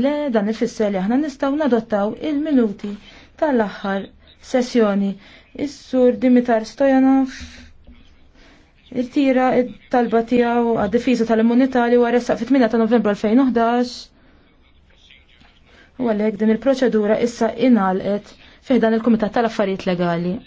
Le dan ifisser li aħna nistgħu nadottaw il-minuti tal-aħħar sessjoni. Is-sur Dimitar Stojanov irtira talba tiegħu għad-difiża tal-immunità li wara fit-8 ta' Novembru 2011 U għalhekk din il-proċedura issa inalqet fiħdan il-Kumitat tal-Affarijiet Legali.